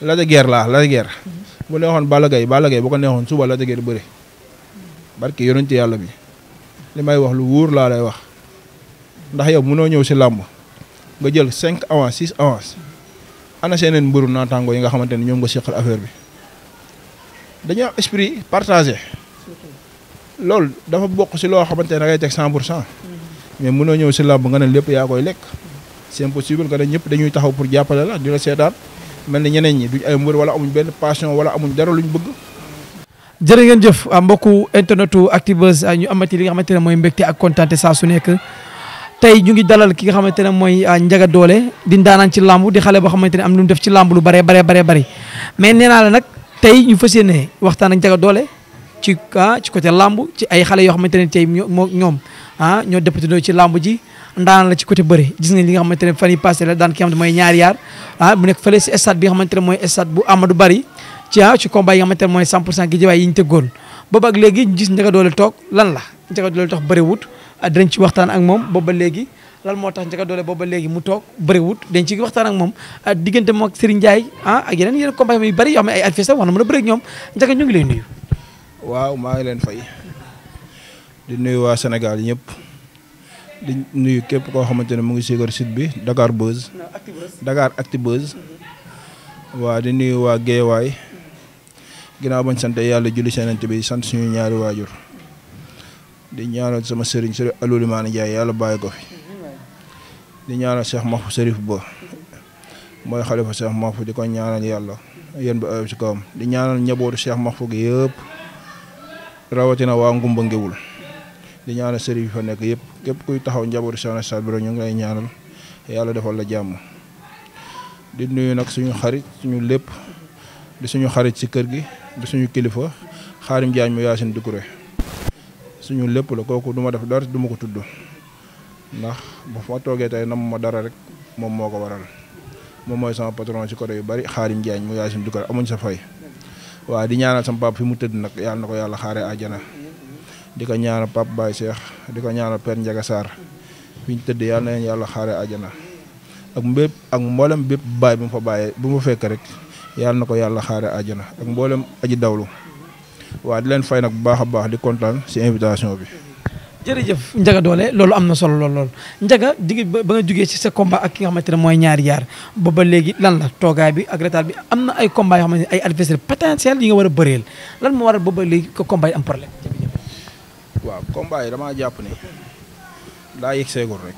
Lac de laa Lac de Guiers bu neexoon Balla Gaye Balla Gaye bu ko neexoon suba Lac de Guiers bëri barki yonent yàlla bi li may wax lu wóor laa lay wax ndax yow mënoo ñëw si làmb nga jël cinq avance six avance ana seeneen mbëru yi nga xamante ne ñoom nga seqal affaire bi dañoo am partagé loolu dafa bokk si loo xamante ne da ngay teg cent pour cent mais ñëw si làmb nga ne lépp yaa koy lekk c'est impossible nga ne ñëpp dañuy taxaw pour jàppale la di la seetaan mel ni ñeneen ñi duñ ay mbër wala amuñ benn passion wala amuñ dara luñ bëgg. jërë ngeen jëf ah, mbokku internetu Actubuzz ah, ñu amati li nga xamante ne mooy mbégte ak kontaante saa su nekk. tey ñu ngi dalal ki nga xamante ne mooy ah, njaga doole di ndaanaan ci làmb di xale boo xamante ne am lu def ci làmb lu bare bare bare bëri mais nee naa la nag tey ñu fas yéene waxtaan ak Ndiaga doole ci ah ci côté làmb ci ay xale yoo xamante ne tey ñoo ñoom ah ñoo déppatindoo ci làmb ji ndaanaan la ci côté bëre gis nga li nga xamante ne fan yi passé la daan ki nga xamante mooy ñaari yaar ah mu nekk fële si stade bi nga xamante ne mooy stade bu Amadou Bari ci ah yi nga xamante ne mooy 100 pour cent gi jëwaay yi ñu tëggoon booba ak léegi ñu gis Ndiaga Dolé toog lan la Ndiaga Dolé tax bëriwut ah, ci waxtaan ak moom booba léegi lan moo tax doole Dolé booba léegi mu toog bëriwut dañ waxtaan ak moom ah, diggante moom ak Serigne Ndiaye ah ak yeneen yeneen combat yu bëri yoo xam ne ay adversaire wax na a bëri ak ñoom Ndiaga ñu ngi lay maa ngi leen fay di nuyu waa Sénégal ñëpp di nuyu képp koo xamante ne mu ngi suivre site bi Dakar Buzz. Dakar Actu Buzz. Mhm. waa di nuyu waa Géewaay. ginnaaw bañ sant yàlla julli seenante bi sant suñu ñaari waajur. di ñaanal sama sëriñ sëriñ Aliou Limane yàlla bàyyi ko fi. di ñaanal Cheikh Mahfou Serif Ba. mooy xalifa Cheikh Mahfou di ko ñaanal yàlla. yéen bi ayob si kawam di ñaanal njabootu Cheikh Mahfou gi yëpp. rawatina waa Ngumba Ngewul. di ñaanal sëriñ bi fa nekk yëpp képp kuy taxaw njabootu Soxna Sall Biro ñu ngi lay ñaanal yàlla defal la jàmm di nuyu nag suñu xarit suñu lépp di suñu xarit ci kër gi di suñu kilifa xaarim Jaañ mu Yaasin Dukure suñu lépp la kooku du ma def dara duma ko tudd ndax bu ma toogee tey nam ma dara rek moom moo ko waral moom mooy sama patron ci côté yu bari xaarim Jaañ mu Yaasin Dukure amuñ sa fay waaw di ñaanal sama papa fi mu tëdd nag yàlla na ko yàlla xaaree àjjana di ko ñaanal Pape Baye Cheikh di ko ñaanal Père Ndiaga saar fi ñu tëdd yàlla na leen yàlla xaare àjjana ak mbépp ak mboolem bépp baay bu mu fa bàyyee bu mu fekk rek yàlla na ko yàlla xaare àjjana ak mboolem aji dawlu waa di leen fay nag bu baax a baax di kontaan si invitation bi. jërëjëf Ndiaga Dollé loolu am na solo lool lool Ndiaga jigi ba nga jugee si sa combat ak ki nga xamante ne mooy ñaari yaar ba ba léegi lan la toogaay bi ak retard bi am na ay combat yoo xamante ne ay adversaire potentiel yi nga war a bëreel lan moo war a ba ba léegi ko combat am problème. waaw combat yi damaa jàpp ni daa yëg seegul rek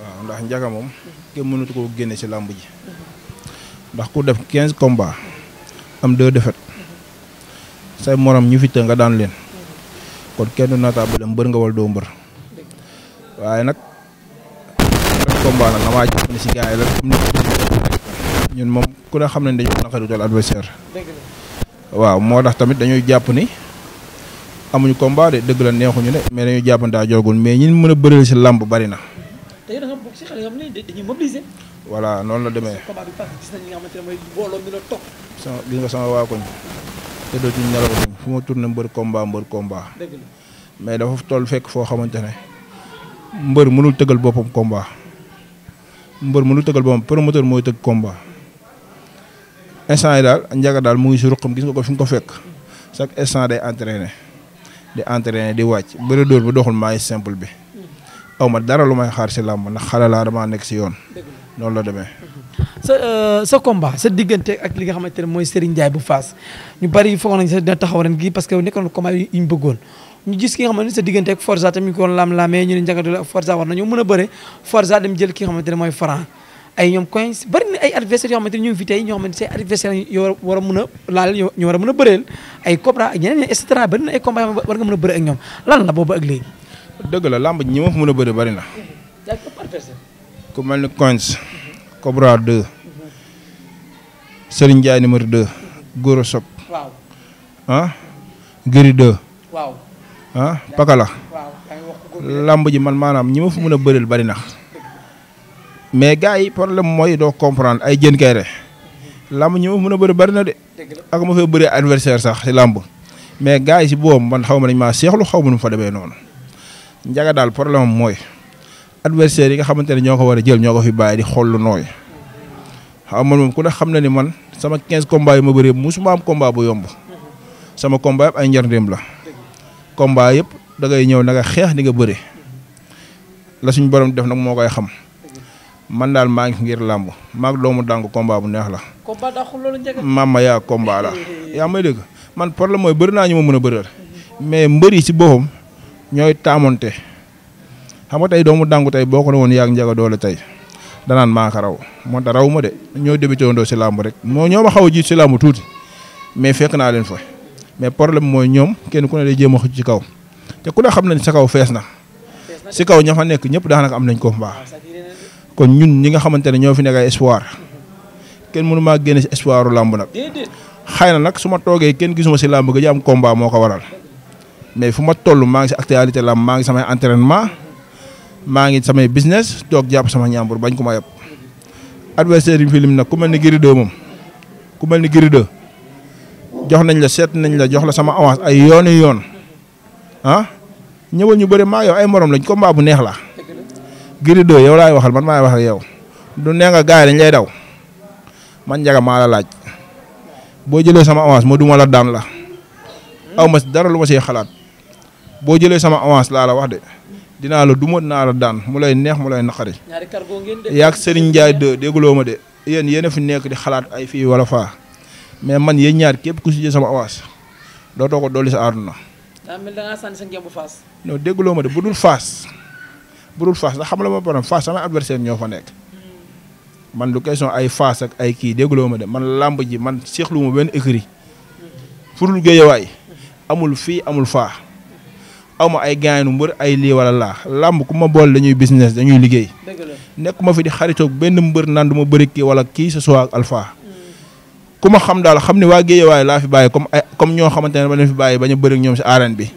waaw ndax njaga moom kenn mënatu koo génne ci làmb ji ndax ku def quinze combat am deux défaites morom ñu fi nga daan leen kon kenn naataab dem mbër nga wal doo mbër waaye nag ren combat nag damaa jàpp ni ci gars yi la moom ku ne xam nañ dañoo naqari wutal adversaire waaw moo tax tamit dañuy jàpp ni amuñ combat de dëgg la neexuñu de. mais dañu jàppantaa jorgul mais ñi mën a bëreel si làmb bari na. tey si xale yoo xam ne noonu la demee. combat bi parce que gis nañ li nga xamante sama waa koñ te dootuñu nelawatuñ fu ma tourné mbër combat mbër combat. mais dafa toll fekk foo xamante ne mbër mënul tëggal boppam komba mbër mënul tëggal boppam promoteur mooy tëgg combat instant yi daal njaga daal mu ngi si ruqam gis nga ko fi ko fekk chaque instant day entraîné. di entraîné di wàcc bëri dóor bi doxul maay simple bi aw ma dara lu may xaar si làmb ndax xale laa nekk si yoon noonu la demee sa euh, sa combat sa diggante ak li nga xamante ne mooy Serigne Ndiaye bu Fass ñu bari foog sa dina taxaw gi parce que nekkoon combat yi ñu bëggoon ñu gis ki xamante ne sa diggante ak Forza tamit ñu ko lam ñu ne njàngatule ak Forza war nañoo mën a bëre Forza dem jël ki nga xamante ne mooy Franc ay ñoom coins bari na ay adversaires yoo xamante ne ñu tey ñoo xamante ne say adversaires yoo war a mën a laal ñu war a mën a bëreel ay Cobra ak ñeneen ñi et cetera bari na ay combats yoo war nga mën a bëre ak ñoom lan la boobu ak léegi. dëgg la làmb ñi ma fa a bëre bari na. ku mel ni coins. Cobra 2. Serigne Ndiaye ah, ah, lamb ji man maanaam ñi mën a bëreel bari na. mais gars yi problème mooy doo comprendre ay jën kay re lamb ñi ma a bëri bëri na de ak ma fee bëri adversaire sax si làmb mais gars yi si boobu man xaw ma nañ maa seexlu xaw ma nu mu fa demee noonu njaga daal problème mooy adversaire yi nga xamante ne ñoo ko war a jël ñoo ko fi bàyyi di xool lu nooy xaw man moom ku ne xam na ni man sama 15 combats yu ma bëree musuma am bu yomb sama combat yëpp ay njëriñam la combat yëpp da ngay ñëw na nga xeex di nga bëri la suñu borom def nag moo koy xam man daal maa ngi ngir làmb maag doomu dànk combat bu neex la. combat dàqul loolu maama yaa combat la. yaa may dégg man problème mooy bëri naa ñu ma mën a bëreel. mais mbër yi ci boppam ñooy taamonte xam nga doomu dànk boo ko ne woon yaa ngi tey danaan maa raw moo tax raw ma de ñoo débuté woon doo làmb rek moo ñoo ma xaw a ci làmb tuuti mais fekk naa leen fa mais problème mooy ñoom kenn ku ne day jéem a xëcc kaw te ku ne xam nañ sa kaw fees na. ci kaw ña fa nekk ñëpp daanaka am nañ combat. Ah, kon ñun ñi nga xamante ne ñoo fi nekk ay espoir kenn mënu maa génne si espoiru làmb nag xëy na nag su ma toogee kenn gisuma si làmb gëj am combat moo ko waral mais fu ma toll maa ngi si actualité làmb maa ngi samay entraînement maa ngi samay business toog jàpp sama ñaambur bañ ko ma yeb adversaire yi fi lim nag ku mel ni Gris moom ku mel ni Gris jox nañ la seet nañ la jox la sama avance ay yooni yoon ah ñëwal ñu bëri maa yow ay morom lañ combat bu neex la Gris 2 yow laay waxal man maa wax ak yow du nee nga gaa yi dañ lay daw man njaga maa la laaj boo jëlee sama avance ma duma la daan la aw ma dara lu ma see xalaat boo jëlee sama avance laa la wax de dinaa la duma dinaa la daan mu lay neex mu lay naqari. ñaari cargo ngeen yaa ak Serigne Ndiaye de ma de yéen yéen a fi nekk di xalaat ay fii wala faa mais man yéen ñaar képp ku si jël sama avance dootoo ko dolli sa àdduna. daa mel da sànni sa ngemb faas. non dégguloo ma de bu dul faas. bu dul Fass ndax xam la ma problème Fass samay adversaire ñoo fa nekk man du question ay Fass ak ay kii dégguloo ma de man làmb ji man seexlu ma benn écrit pour lu géejewaay amul fii amul faa awma ay gaañu mbër ay lii wala laa làmb ku ma boole dañuy business dañuy liggéey nekk ma fi di xaritoog benn mbër naan du ma kii wala kii ce soit ak alpha ku ma xam daal xam ne waa géejewaay laa fi bàyyi comme ay comme ñoo xamante ne ba leen fi bàyyi bañ a bëri ñoom si arène bi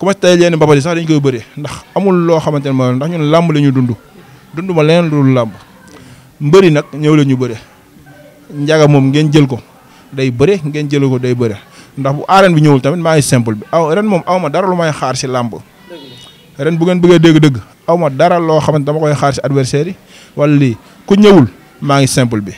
commencé tey leen mbapat yi sax dañ koy bëre ndax amul loo xamante ne mooy ndax ñun làmb la ñu dund dund ma leneen lu làmb mbëri nag ñëw la ñu bëri njaga moom ngeen jël ko day bëri ngeen jël ko day bëri ndax bu arène bi ñëwul tamit maa ngi simple bi aw ren moom aw ma dara lu may xaar si làmb ren bu ngeen bëggee dégg-dëgg aw ma dara loo xamante dama koy xaar si adversaire yi wala lii ku ñëwul maa ngi simple bi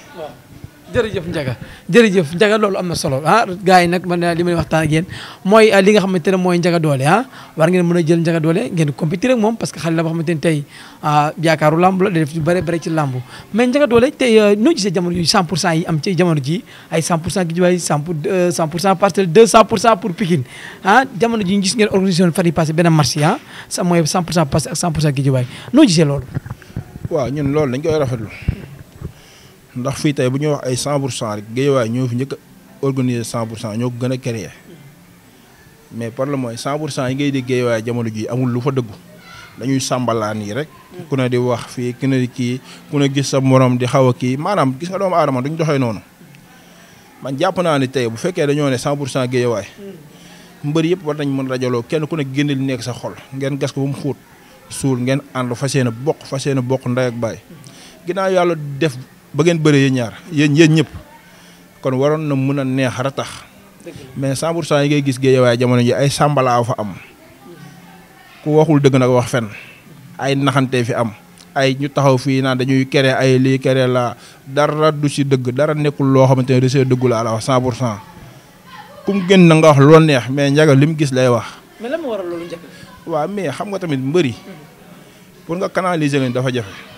jërëjëf Ndiaga jërëjëf Ndiaga loolu am na solo ah gars yi nag man li may waxtaan ak yéen mooy ah, li nga xamante ne mooy Ndiaga doole ah, war ngeen mën a jël Ndiaga Dolé ngeen compétir ak moom parce que xale la boo xamante ne tey ah, yaakaaru làmb la day def bëre bëre ci làmb mais Ndiaga Dolé tey euh, noo gisee jamono yu 100 pour cent yi am ci jamono ji ay 100 pour cent Guédiawaye 100 pour 100 euh, pour cent Parcelles 200 pour cent pour Pikine ah jamono ji gis ngeen organisation fan yi passé benn marché ah sa mooy 100 pour cent Parcelles ak 100 pour cent loolu waaw ñun loolu dañ koy rafetlu ndax fii tey bu ñuy wax ay 100 pour cent rek Guédiawaye ñoo fi njëkk a organiser 100 pour cent ñoo ko gën a créer mais par le moins 100 pour cent yi ngay dégg Guédiawaye jamono ji amul lu fa dëggu dañuy sàmbalaan yi rek. Mm. ku ne di wax fii ku ne di kii ku gis sa moroom di xaw a kii maanaam gis nga doomu aadama duñ doxee noonu man jàpp naa ne tey bu fekkee dañoo ne 100 pour cent Guédiawaye mm. mbër yëpp war nañ mën rajaloo kenn ku ne génne li nekk sa xol ngeen gas ko ba mu xuut suul ngeen ànd fa yéene bokk fas yéene bokk ndey ak baay mm. ginnaaw yàlla def. ba ngeen bëree yéen ñaar yéen yéen ñëpp kon waroon na mën a neex ratax mais 100 pour yi ngay gis géejawaay jamono ji ay sàmbalaa fa am ku waxul dëgg nag wax fen ay naxante fi am ay ñu taxaw fii naan dañuy kere ay lii kere la dara du si dëgg dara nekkul loo xamante ne dese dëggu la ala wax 100 pour cent kum gën na nga wax loo neex mais njaga li mu gis lay wax. mais lan moo waral mais xam nga tamit mbëri pour nga canaliser leen dafa jafe.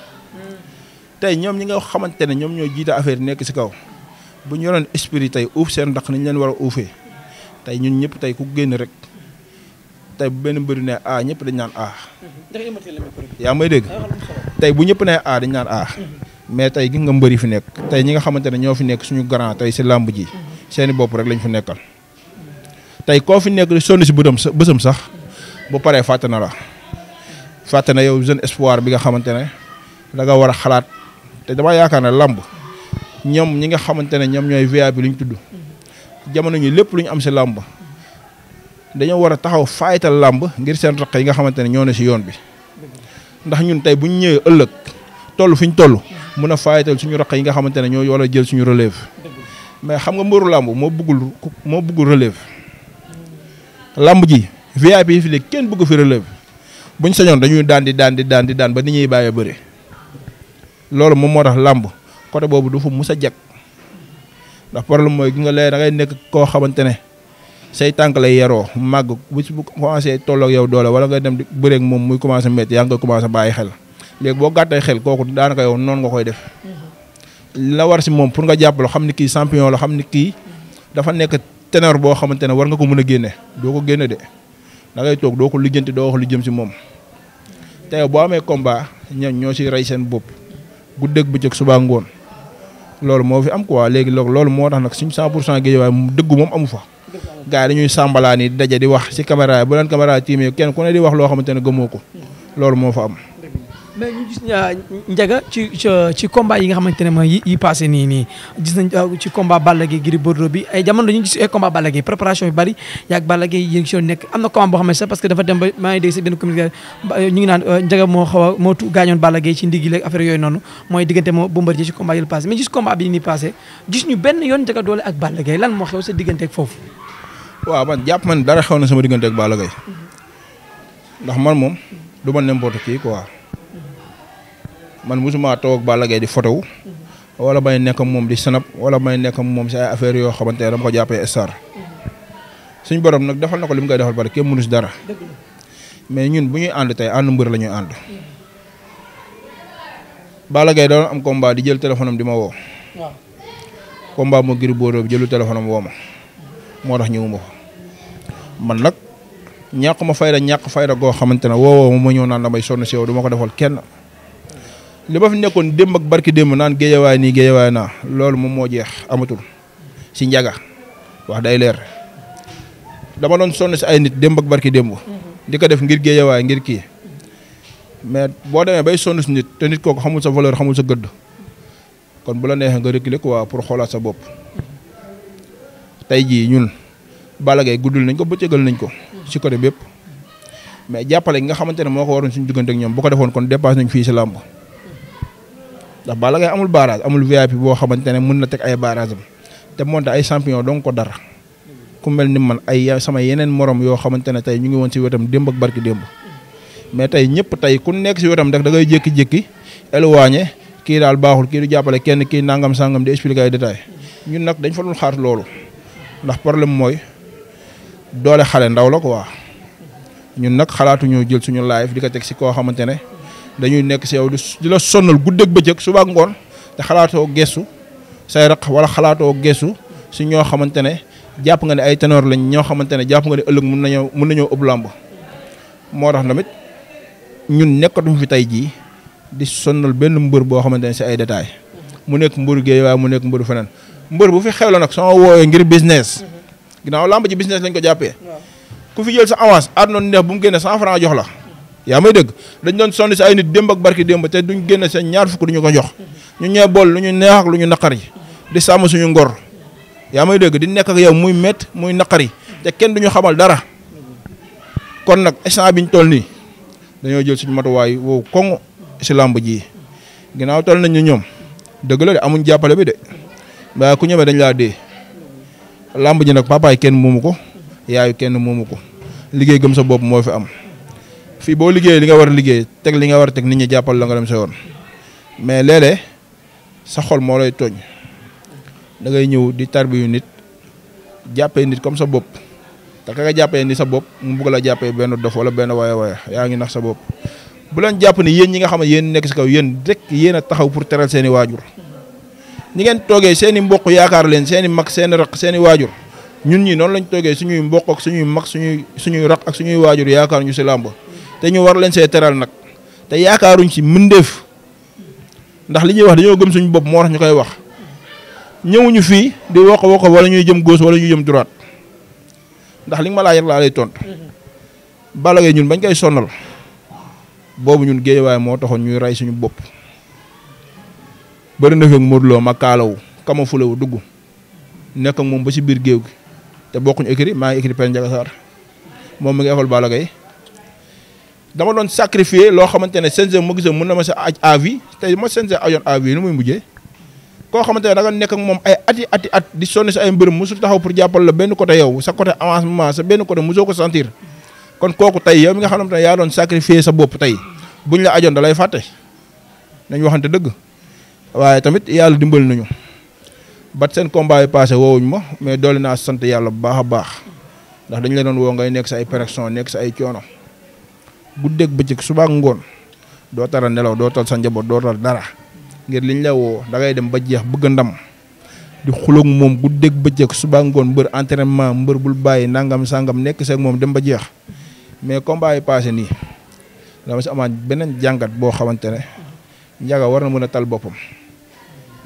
tey ñoom ñi nga xamante ne ñoom ñoo jiite affaire yi nekk ci kaw bu ñu yoroon esprit tey uuf seen ndax nañ leen war a uufee tey ñun ñëpp tey ku génn rek tey bu benn mbëri ne a ñëpp dañ naan a yaa may dégg tey bu ñëpp ne a dañ naan a mais tey gis nga mbëri fi nekk tey ñi nga xamante ne ñoo fi nekk suñu grand tey si làmb ji seeni bopp rek lañ fi nekkal tey koo fi nekk di sonn si bëtam bësëm sax bu paree fàtte na la fàtte na yow jeune espoir bi nga xamante ne da nga war a xalaat te damaa yaakaar ne làmb ñoom ñi nga xamante ne ñoom ñooy VIP lu ñu tudd jamono ñi lépp lu am si làmb dañoo war a taxaw faaytal làmb ngir seen raq yi nga xamante ne ñoo ne si yoon bi ndax ñun tey bu ñu ñëwee ëllëg toll fi ñu toll mun a faaytal suñu raq yi nga xamante ne ñoo war a jël suñu relève mais xam nga mbëru làmb moo bëggul moo buggul relève làmb ji VIP yi fi léegi kenn bëgg fi relève buñ sañoon dañuy daan di daan di daan di daan ba di ñuy bàyyee bëri. loolu moom moo tax làmb côté boobu du fa mus a jag ndax problème mooy gi nga lee da ngay nekk koo xamante ne say tànk lay yaroo màgg bu ci bu commencé tolloog yow doole wala nga dem di bëreeg moom muy commencé métti yaa ngi koy commencé bàyyi xel léegi boo gàttee xel kooku daanaka yow noonu nga koy def mhm. la war si moom pour nga jàppale xam ni kii champion la xam ni kii dafa nekk ténor boo xamante ne war nga ko mën a génne doo ko génne de da ngay toog doo ko lijjanti doo wax lu jëm si moom te yow boo amee combat ñoom ñoo si rey seen bopp. guddeeg bëccëg subaa ngoon loolu moo fi am quoi léegi loolu moo tax nag suñ 100 pour cent géej waaye dëggu moom amu fa. gaa yi dañuy sàmbalaan yi daje di wax si caméra yi bu leen caméra tiimee kenn ku ne di wax loo xamante ne gëmoo ko loolu moo fa am. mais ñu gis euh, njaga ci ci combat yi nga xamante ne mooy yi passé nii nii gis nañ euh, ci combat Balla Gaye Gris Bordeaux ay jamono dañu gis ay combat Balla préparation yu bari yaag Balla Gaye yéen si nekk am parce que dafa dem maa ngi dégg si benn communiqué ñu ngi naan euh, njaga moo xaw a moo tu gaañoon Balla Gaye ci ndiggi léegi affaire yooyu noonu mooy diggante moo Bombardier ci combat yi passé mais gis combat bi nii passé gis ñu benn yoon njaga doole ak Balla lan moo xew sa diggante ak foofu jàpp man dara xew na sama diggante mm-hmm. ndax man moom du ma n'importe qui quoi man mosuma toog ak Balla di photo wala may nekk moom di sanap wala may nekk moom si ay affaires yoo xamante ne dama ko jàppee star suñ borom nag defal na ko li mu koy defal bari kenn mënus dara mais ñun bu ñuy ànd tey la ñuy ànd. Balla am combat di jël téléphone am ma woo. waaw combat mo Gris Bordeaux bi jëlu téléphone am moo tax ñëwuma ko man nag ñàkk ma fayda ñàkk fayda goo xamante ne woowoo moo ñëw naan damay sonn si yow du ko defal kenn. li ba fi nekkoon démb ak barki démb naan géejawaay nii géejawaay naa loolu moom moo jeex amatul si njaga wax day leer dama doon sonn si ay nit démb barki démb. Mhm. di ko def ngir géejawaay ngir kii mais boo demee bay sonn si nit te nit kook xamul sa valeur xamul sa gëdd kon bu la neexee nga reculer quoi pour xoolaat sa bopp tey jii ñun Balla Gaye guddul nañ ko bëccëgal nañ ko si côté bépp mais jàppale gi nga xamante ne moo ko waroon suñu diggante ak ñoom ko defoon kon dépassé nañ fii ndax Balla Gaye amul barrage amul VIP boo xamante ne mën na teg ay barrage am te moonte ay champion donc dara ku mel ni man ay sama yeneen moroom yoo xamante ne tey ñu ngi woon ci wetam démb ak barki démb mais tey ñëpp tey ku nekk si wetam rek da ngay jékki-jékki éloigné kii daal baaxul kii du jàppale kenn kii nangam sangam di expliquer ay détails ñu nag dañ fa doon xaar loolu ndax problème mooy doole xale ndaw la waa ñun nag xalaatuñu jël suñu live di ko teg si koo xamante ne. dañuy nekk si yow di la sonnal guddeeg bëccëg suba ak ngoon te xalaatoo gestu say raq wala xalaatoo gestu si ñoo xamante ne jàpp nga ne ay ténor lañ ñoo xamante ne jàpp nga ne ëllëg mun nañoo mun nañoo ëpp làmb moo tax tamit ñun nekkatuñu fi tey jii di sonnal benn mbër boo xamante ne si ay détails mu nekk mbëru géey waaye mu nekk mbëru feneen mbër bu fi xew la nag sama woowee ngir business ginnaaw làmb ci business lañ ko jàppee ku fi jël sa avance aat noonu neex bu mu génne cent franc jox la yaa may dëgg dañ doon sonn si ay nit démb ak barki démb te duñ génn seen ñaar fukk duñu ko jox ñu ñee bool lu ñu neex lu ñu naqari di sàmm suñu ngor yaa may dëgg di nekk ak yow muy métt muy naqari te kenn du ñu xamal dara kon nag bi biñ toll nii dañoo jël suñu matuwaay wow koŋ si làmb ji ginnaaw toll nañ ñu ñoom dëgg la de amuñ jàppale bi de waaye ku ñëwee dañ laa dee làmb ji nag papaay kenn moomu ko yaayu kenn moomu ko liggéey gëm sa bopp moo fi am. fii boo liggéeyee li nga war a liggéey teg li nga war a teg ni ñi jàppal la nga dem sa mais léeg sa xol moo lay tooñ da ngay ñëw di tarbiyu nit jàppee nit comme sa bopp te ka nga jàppee ni sa bopp mu bugg la jàppee benn dof wala benn waaya waaya yaa ngi nax sa bopp bu leen jàpp ni yéen ñi nga xam ne yéen nekk si kaw yéen rek yéen a taxaw pour teral seen i waajur ñi ngeen toogee seen i mbokk yaakaar leen seen i mag seen i waajur ñun ñi noonu lañ toogee suñuy mbokk ak suñuy mag suñuy suñuy raq ak suñuy waajur yaakaar ñu si làmb te ñu war leen see teral nag te yaakaaruñ ci mbindeef ndax li ñuy wax dañoo gëm suñu bopp moo tax ñu koy wax ñëwuñu fii di wokk wokk wala ñuy jëm góos wala ñuy jëm droite ndax li ma laaj laa lay tontu. Balla Gaye ñun bañ koy sonnal boobu ñun waaye moo taxoon ñuy rey suñu bopp bëri na fi ak ma kaalawu kama dugg nekk moom ba si biir géew gi te bokkuñu écrit maa ngi écrit Père Ndiaga moom mi ngi école Balla dama doon sacrifier loo xamante ne CNG ma gisee mën na ma sa aj avis tey ma CNG ajoon avis nu muy mujjee koo xamante ne da nekk ak moom ay ati ati at di sonn si ay mbërëm mosul taxaw pour jàppal la benn côté yow sa côté avancement sa benn côté mosoo ko sentir kon kooku tey yow mi nga xamante ne yaa doon sacrifier sa bopp tey buñ la ajoon da lay fàtte nañ waxante dëgg waaye tamit yàlla dimbal nañu bat seen combat yi woowuñ ma mais doole naa sant yàlla bu baax a baax ndax dañ la woo ngay nekk sa ay pression nekk sa ay coono. guddeeg bëccëg suba ak ngoon doo tara nelaw doo tal sa njaboot doo tal dara ngir liñ la woo da ngay dem ba jeex bëgg ndam di xuloog moom guddeeg bëccëg suba ak ngoon mbër entraînement mbër bul bàyyi nangam sangam nekk seek moom dem ba jeex mais combat yi passé nii dama si amaat beneen jàngat boo xamante ne njaga war na mën a tal boppam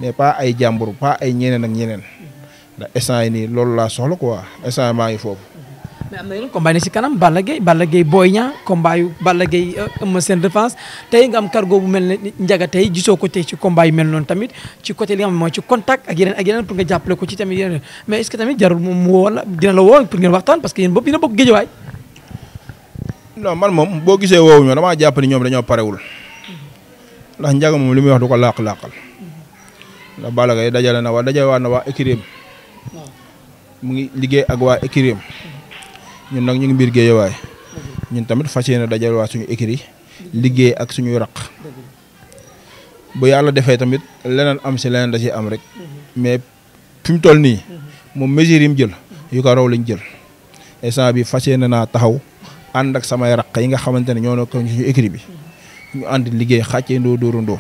mais pas ay jàmbur pas ay ñeneen ak ñeneen ndax instant yi nii loolu laa soxla quoi instant maa ngi foofu. mais am na yeneen combat yi ne si kanam Balla Gaye Balla Gaye Boy Niang combat yu euh, tey nga am cargo bu mel ne njaga tey gisoo ko tey ci combat yu mel noonu tamit ci côté li nga mooy ci contact ak yeneen ak yeneen jàppale ko ci tamit mais est-ce que tamit jarul moom mu woo la dina la woo pour ngeen waxtaan parce que yéen bopp dina bokk géejawaay non man moom boo gisee woowu ñoo damaa jàpp ni ñoom dañoo parewul ndax njaga moom li muy wax du ko làq-làqal ndax Balla Gaye dajale na wa dajale waa na waa écurie mu ngi liggéey ak waa écurie ñun nag ñu ngi biir waay ñun tamit fas yéene dajal waa suñu écrit liggéey ak suñuy raq bu yàlla defee tamit leneen am si leneen da ciy am rek mais fi mu toll nii moom mesure yi mu jël yu ko lañ jël instant bi fas yéene naa taxaw ànd ak samay raq yi nga xamante ne ñoo ko suñu écrit bi ñu ànd liggéey xàccee ndoo dóorandoo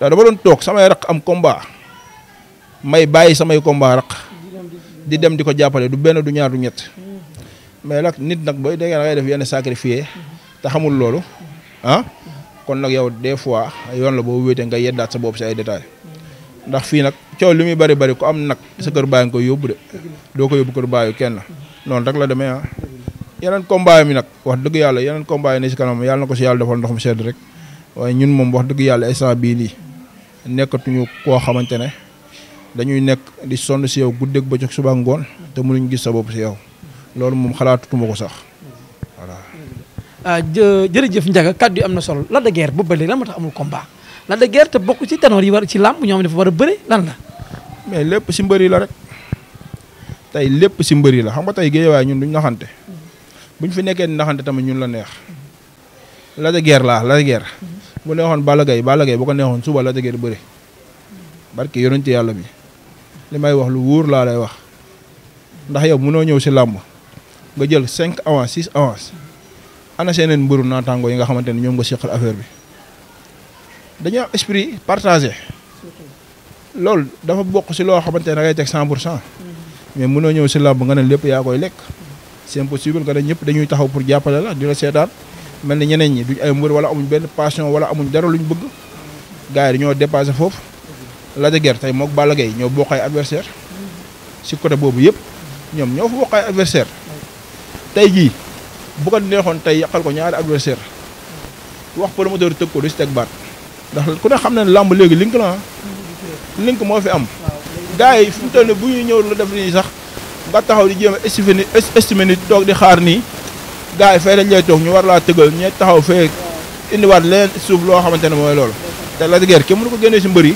da dama doon toog samay raq am komba may bàyyi samay combat raq di dem di ko jàppale du benn du ñaar ñett mais nag nit nag booy dégg da ngay def yenn sacrifice te xamul loolu ah kon nag yow des fois yoon la boo wéetee nga yeddaat sa bopp si ay détails ndax fii nag coow li muy bari bari ku am nag sa kër bàyyi nga koy yóbbu de ko yóbbu kër kenn noonu rek la demee ah yeneen combat mi nag wax dëgg yàlla yeneen combat yi ne si kanam yàlla ko si yàlla defal ndox mu sedd rek waaye ñun moom wax dëgg yàlla instant bii nii nekkatuñu koo xamante ne dañuy nekk di sonn si yow guddeeg bëccëg suba ngoon te mënuñ gis sa bopp si yow. loolu moom xalaatutuma ko sax voilà. ah jërëjëf Ndiaga kàddu yi am na solo Lac de Guiers bu bële lan moo tax amul combat Lac de bokk ci ténor yi war ci làmb ñoom dafa war a bëre lan la. mais lépp si mbër la rek tey lépp si mbër yi la xam nga tey waaye ñun duñ naxante buñ fi nekkee ni naxante tamit ñun la neex Lac de Guiers laa Lac de Guiers bu neexoon Balla Gaye Balla Gaye bu ko neexoon suba Lac de Guiers bëre barki yonent yàlla bi li may wax lu wóor laa lay wax ndax yow mënoo ñëw si làmb. nga jël cinq avance six avance ana seeneen mbëru naataango yi nga xamante ne ñoom nga seqal affaire bi dañoo am esprit partagé loolu dafa bokk si loo xamante ne da ngay teg cent pour cent mais mënoo ñëw si làmb nga ne lépp yaa koy lekk c'est impossible nga ne ñëpp dañuy taxaw pour jàppale la di la seetaan mel ni ñeneen ñi duñ ay mbër wala amuñ benn passion wala amuñ dara luñ bëgg gars yi dañoo dépassé foofu la de guerre tey mook Balla Gaye ñoo bokk ay si côté boobu yëpp ñoom ñoo fa bokk tey jii bu ko neexoon tey yàqal ko ñaari adversaire wax promoteur tëgg ko du si teg baat ndax ku ne xam ne làmb léegi link la ah. link moo fi am. gars yi fi mu toll nii bu ñuy ñëw la def nii sax nga taxaw di jéem a estimé toog di xaar nii gars yi fee dañ lay toog ñu war laa tëggal ñe taxaw fee indiwaat leen suuf loo xamante ne mooy loolu. te la guerre kenn mënu ko génnee si mbër yi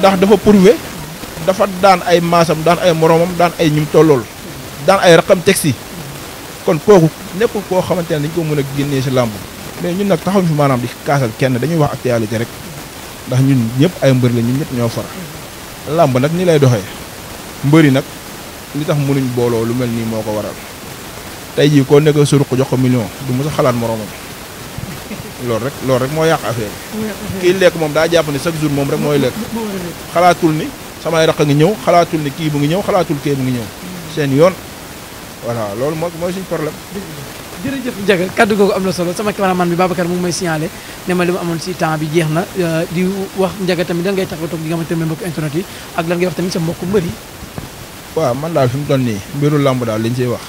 ndax dafa prouvé dafa daan ay maasam daan ay moromam daan ay ñum tollool daan ay raqam teg si kon kooku nekkul koo xamante ne dañ ko mën a génnee si làmb mais ñun nag taxawuñ fi maanaam di kaasal kenn dañuy wax actualité rek ndax ñun ñëpp ay mbër la ñun ñoo fara làmb nag ni lay doxee mbër yi nag li tax mënuñ booloo lu mel nii moo ko waral tey jii koo nekkee suruq jox ko million du mos a xalaat moroomam loolu rek loolu rek moo yàq affaire kii lekk moom daa jàpp ne chaque jour moom rek mooy lekk xalaatul ni samay raq ngi ñëw xalaatul ni kii bu ngi ñëw xalaatul kii ngi ñëw seen yoon voilà loolu moo mooy suñu problème. jërëjëf Ndiaga kaddu googu am na solo sama man bi Babacar mu ngi may signalé ne ma li ma amoon si temps bi jeex na euh, di wax Ndiaga tamit lan ngay taxawatoo ak li nga xamante ne mbokku internet yi ak lan ngay wax tamit sa mbokku mbër yi. waaw man daal fi mu toll nii mbiru làmb daal liñ ciy wax.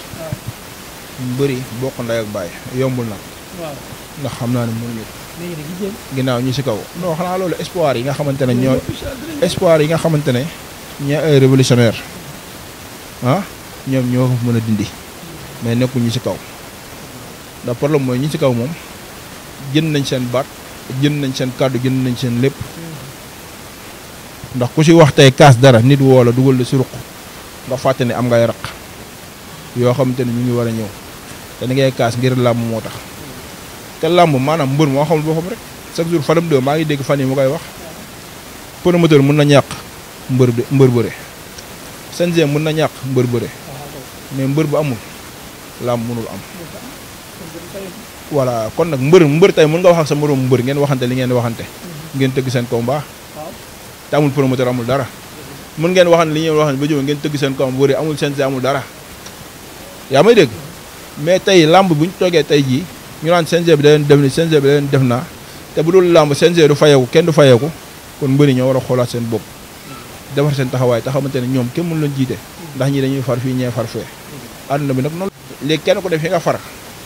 mbëri bokk ndey ak baay yombul nag. waaw xam naa ne mënuñu ko. ginnaaw ñu si kaw. noo xanaa loolu espoir yi nga xamante ne ñoo. espoir yi nga xamante ne. ñoo ay révolutionnaire ah. ñoom ñoo ko mën a dindi mais nekku ñu ci kaw ndax problème mooy ñi ci kaw moom jënd nañ seen baat jënd nañ seen kàddu jënd nañ seen lépp ndax ku ci wax tey kaas dara nit woo la dugal la ci ruq nga fàtte ne am ngay raq yoo xamante ne ñu ngi war a ñëw te ni ngay kaas ngir làmb moo tax te làmb maanaam mbër moo xamul boppam rek chaque jour Fadam 2 maa ngi dégg fan koy wax promoteur mun na ñàkk mbër mbër bëre CNG mun na ñàkk mbër bëre mais mbër bu amul làmb mënul am. voilà kon nag mbër mbër tey mun nga wax ak sa morom mbër ngeen waxante li ngeen waxante. Mhm. ngeen tëgg seen combat. te amul promoteur amul dara. mën ngeen waxante li ngeen waxante ba jógee ngeen tëgg seen combat wër amul seen amul dara. yaa may dégg mais tey làmb bu ñu toogee tey jii ñu naan CNG bi da leen def ni CNG bi da def naa te bu dul làmb CNG du fayeeku kenn du fayeeku kon mbëri ñoo war a xoolaat seen bopp mhm. defar seen taxawaay te xamante ne ñoom kenn mënu leen jiite. ndax ñi dañuy far fii ñee far fee àdduna bi nag def fi far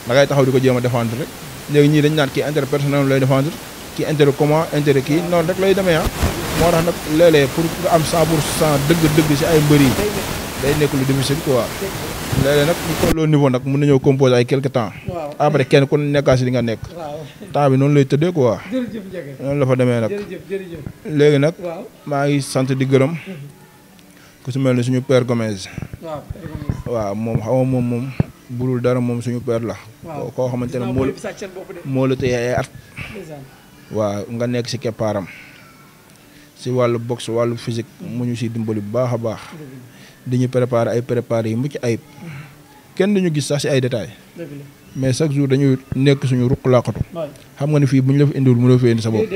da ngay taxaw di ko jéem a défendre rek léegi ñii dañu naan kii intérêt personnel lay défendre kii intérêt comment intérêt kii noonu rek lay demee ah moo am 100 pour cent dëgg-dëgg si ay mbër yi day nekk lu difficile quoi léeg-léeg nag ñu tolloo niveau nag mën nañoo composer ay quelque temps après kenn ku nekkaa si nga nekk temps bi noonu lay tëddee quoi noonu la fa demee nag léegi nag maa ngi sant di gërëm ku si mel ni suñu père Gomez. waaw père Gomez. moom xaw ma moom moom budul dara moom suñu père la. koo xamante ne moo moo la tëye at. waa nga nekk ci keppaaram si wàllu boxe wàllu physique mu ñu si dimbali bu baax a baax. di ñu préparer ay préparer yi mucc ayib. kenn duñu gis sax si ay détails. mais chaque jour dañuy nekk suñu ruq laqatu. xam nga ni fii bu ñu la fa indiwul mënoo fa indi sa bopp.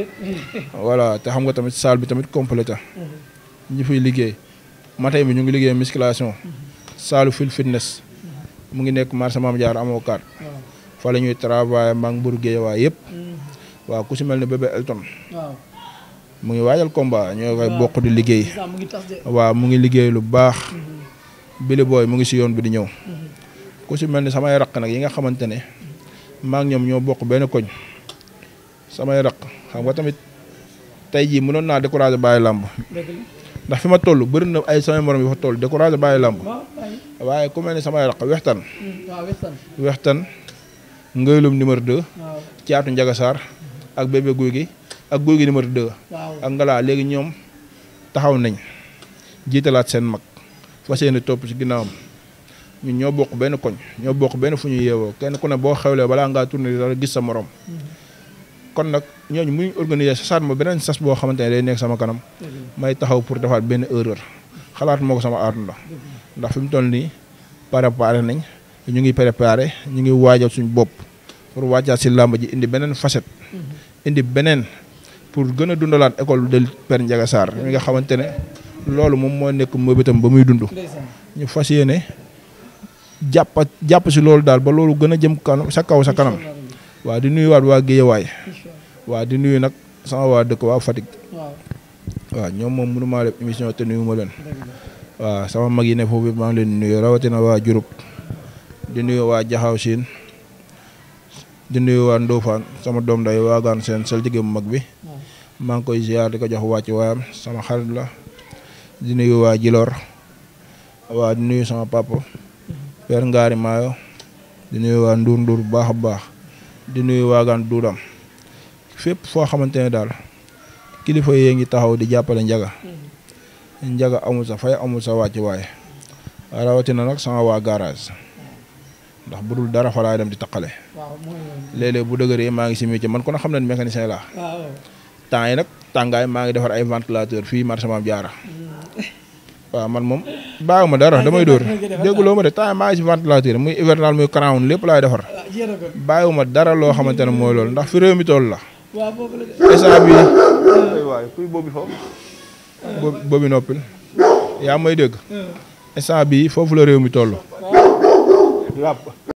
voilà te xam nga tamit salle bi tamit complété. ñu fay liggéey. matin bi ñu ngi liggéey musculation saalu fil fitness mu ngi nekk marché Mame Diarra amoo kaat fa la ñuy travailler maa ngi waa yëpp waaw ku si mel ne bébé Elton mu ngi waajal combat ñoo koy bokk di liggéey waaw mu ngi liggéey lu baax mm-hmm. Billy mu ngi si yoon bi di ñëw mm-hmm. ku si mel ni samay raq nag yi nga xamante ne maa ngi ñoom ñoo bokk benn koñ samay raq xam nga tamit tey jii noon naa décourager bàyyi làmb ndax fi ma toll bëri na ay samay morom yi fa toll découragé bàyyi làmb waaye ku mel ni samay raq hmm, wextan wextan ngaylum numéro 2 caatu njagasaar ak bébé guy gi ak guy gi numéro ak ngalaa léegi ñoom taxaw nañ jiitalaat seen mag fas yéene topp ci ginnaawam ñun ñoo bokk benn koñ ñoo bokk benn fu ñu yeewoo kenn ku ne boo xewlee balaa ngaa tourné dara gis sa moroom hmm. kon nag ñooñu muy organiser sasaat ma beneen sas boo xamante ne day nekk sama kanam may taxaw pour defaat benn erreur xalaat moo ko sama aaduna ndax fi mu toll nii préparé nañ ñu ngi préparé ñu ngi waajal suñu bopp pour waajaat si làmb ji indi beneen facette indi beneen pour gën a dundalaat école de per Ndiaga Sarr mi nga xamante ne loolu moom moo nekk moo bi tam ba muy dund ñu fas yéene jàpp jàpp si loolu daal ba loolu gën a jëm kanam sa kaw sa kanam waa di nuyu waat waa Géejawaay waaw di nuyu nag sama waa dëkk waa Fatick waaw ñoom moom mënu maa def émission te nuyu ma leen sama mag yi ne foofu maa ngi leen nuyu rawatina waa Diouroup di nuyu waa Jaxaaw Siin di nuyu waa Ndofane sama doom day waagaan seen sel jigéen bu mag bi ngi koy ziar ko jox wàcc waayam sama xarit la di nuyu waa Jilor waa nuyu sama papa mm-hmm. Maayo di nuyu waa Ndour Ndour bu baax a baax di nuyu waagaan duudam fépp foo xamante ne daal kilifa yee ngi taxaw di jàppale njaga mm-hmm. njaga amul sa fay amul sa wàcc waaye rawatina nag sama waa garage ndax bu dul dara fa laay dem di taqale léeg-léeg bu dëgëree maa ngi si métier man kon xam nañ mécanicien la temps yi nag tàngaay maa ngi defar ay ventilateur fi marché maam jaara mm-hmm. waaw man moom baaxuma dara damay dóor dégguloo ma de temps yi maa ngi si ventilateur muy hivernal muy crown lépp laay defar bàyyiwu ma dara loo xamante mooy loolu ndax fi réew mi toll la. waaw foofu la instant bii. aywa noppil. yaa may dégg. instant bii foofu la réew mi toll.